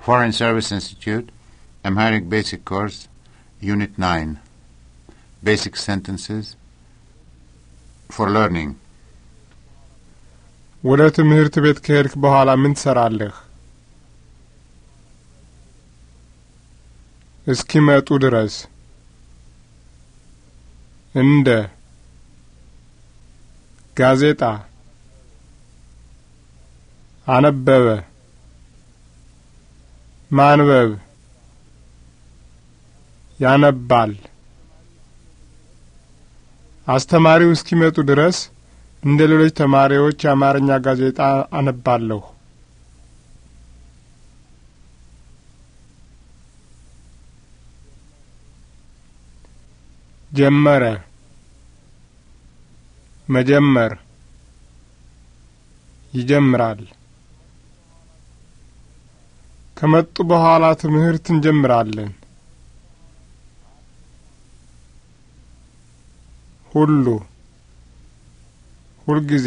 Foreign Service Institute, Amharic Basic Course, Unit 9, Basic Sentences for Learning. ወደ ትምህርት ቤት ከሄድክ በኋላ ምን ትሰራለህ? እስኪመጡ ድረስ እንደ ጋዜጣ አነበበ ማንበብ ያነባል። አስተማሪው እስኪመጡ ድረስ እንደ ሌሎች ተማሪዎች የአማርኛ ጋዜጣ አነባለሁ። ጀመረ፣ መጀመር፣ ይጀምራል። ከመጡ በኋላ ትምህርት እንጀምራለን። ሁሉ ሁልጊዜ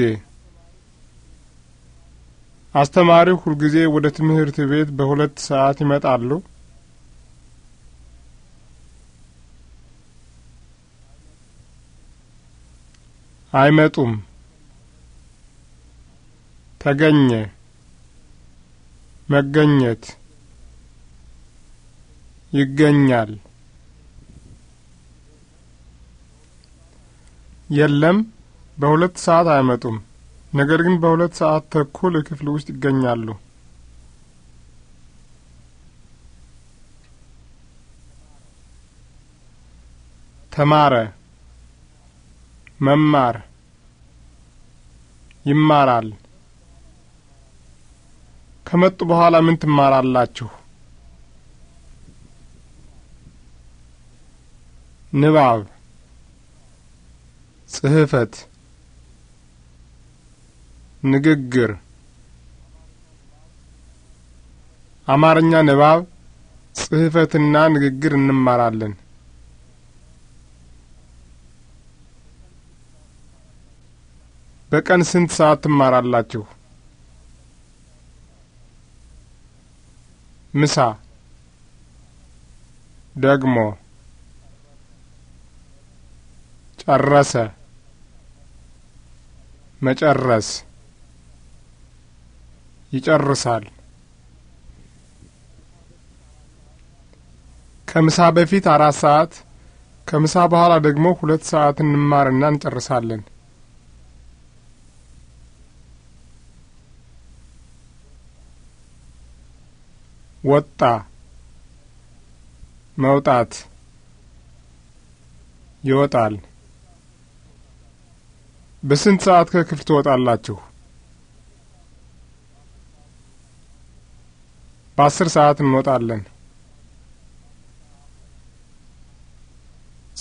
አስተማሪው ሁልጊዜ ወደ ትምህርት ቤት በሁለት ሰዓት ይመጣሉ። አይመጡም። ተገኘ መገኘት ይገኛል። የለም፣ በሁለት ሰዓት አይመጡም። ነገር ግን በሁለት ሰዓት ተኩል ክፍል ውስጥ ይገኛሉ። ተማረ፣ መማር፣ ይማራል። ከመጡ በኋላ ምን ትማራላችሁ? ንባብ ጽህፈት ንግግር አማርኛ ንባብ ጽህፈትና ንግግር እንማራለን። በቀን ስንት ሰዓት ትማራላችሁ? ምሳ ደግሞ ጨረሰ መጨረስ ይጨርሳል። ከምሳ በፊት አራት ሰዓት ከምሳ በኋላ ደግሞ ሁለት ሰዓት እንማርና እንጨርሳለን። ወጣ መውጣት ይወጣል። በስንት ሰዓት ከክፍል ትወጣላችሁ? በአስር ሰዓት እንወጣለን።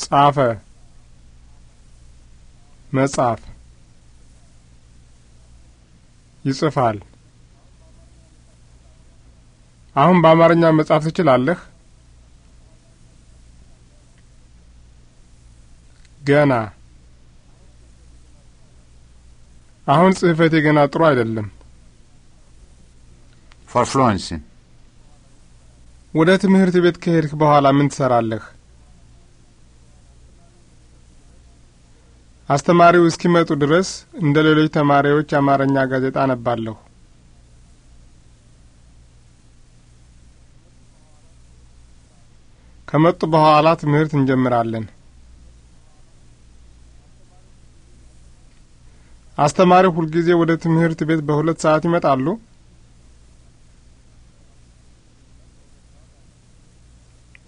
ጻፈ መጻፍ ይጽፋል። አሁን በአማርኛ መጻፍ ትችላለህ? ገና አሁን ጽህፈቴ ገና ጥሩ አይደለም። ፎርፍሎንስን ወደ ትምህርት ቤት ከሄድክ በኋላ ምን ትሰራለህ? አስተማሪው እስኪመጡ ድረስ እንደ ሌሎች ተማሪዎች የአማርኛ ጋዜጣ አነባለሁ። ከመጡ በኋላ ትምህርት እንጀምራለን። አስተማሪ ሁልጊዜ ወደ ትምህርት ቤት በሁለት ሰዓት ይመጣሉ?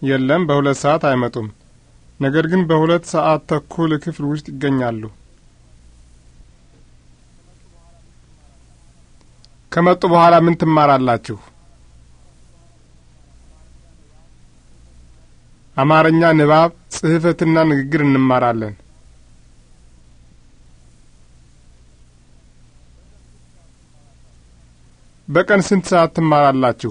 የለም፣ በሁለት ሰዓት አይመጡም። ነገር ግን በሁለት ሰዓት ተኩል ክፍል ውስጥ ይገኛሉ። ከመጡ በኋላ ምን ትማራላችሁ? አማርኛ፣ ንባብ፣ ጽህፈትና ንግግር እንማራለን። በቀን ስንት ሰዓት ትማራላችሁ?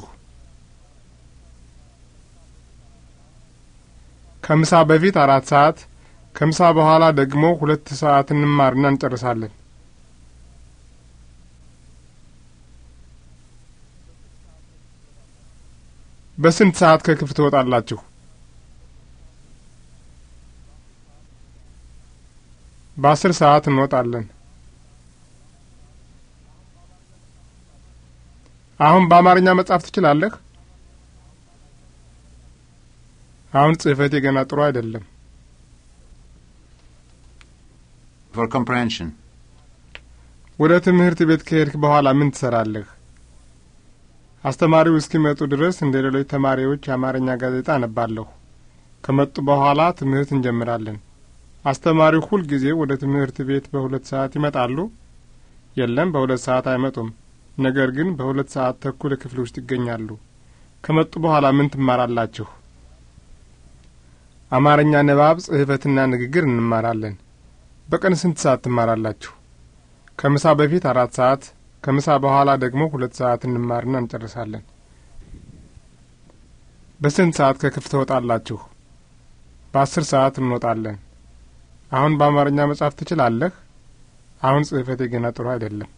ከምሳ በፊት አራት ሰዓት ከምሳ በኋላ ደግሞ ሁለት ሰዓት እንማርና እንጨርሳለን። በስንት ሰዓት ከክፍል ትወጣላችሁ? በአስር ሰዓት እንወጣለን። አሁን በአማርኛ መጻፍ ትችላለህ? አሁን ጽህፈቴ ገና ጥሩ አይደለም። for ወደ ትምህርት ቤት ከሄድክ በኋላ ምን ትሰራለህ? አስተማሪው እስኪመጡ ድረስ እንደ ሌሎች ተማሪዎች የአማርኛ ጋዜጣ አነባለሁ። ከመጡ በኋላ ትምህርት እንጀምራለን። አስተማሪው ሁል ጊዜ ወደ ትምህርት ቤት በሁለት ሰዓት ይመጣሉ? የለም፣ በሁለት ሰዓት አይመጡም። ነገር ግን በሁለት ሰዓት ተኩል ክፍል ውስጥ ይገኛሉ። ከመጡ በኋላ ምን ትማራላችሁ? አማርኛ ንባብ፣ ጽሕፈትና ንግግር እንማራለን። በቀን ስንት ሰዓት ትማራላችሁ? ከምሳ በፊት አራት ሰዓት፣ ከምሳ በኋላ ደግሞ ሁለት ሰዓት እንማርና እንጨርሳለን። በስንት ሰዓት ከክፍል ትወጣላችሁ? በአስር ሰዓት እንወጣለን። አሁን በአማርኛ መጻፍ ትችላለህ? አሁን ጽሕፈቴ ገና ጥሩ አይደለም።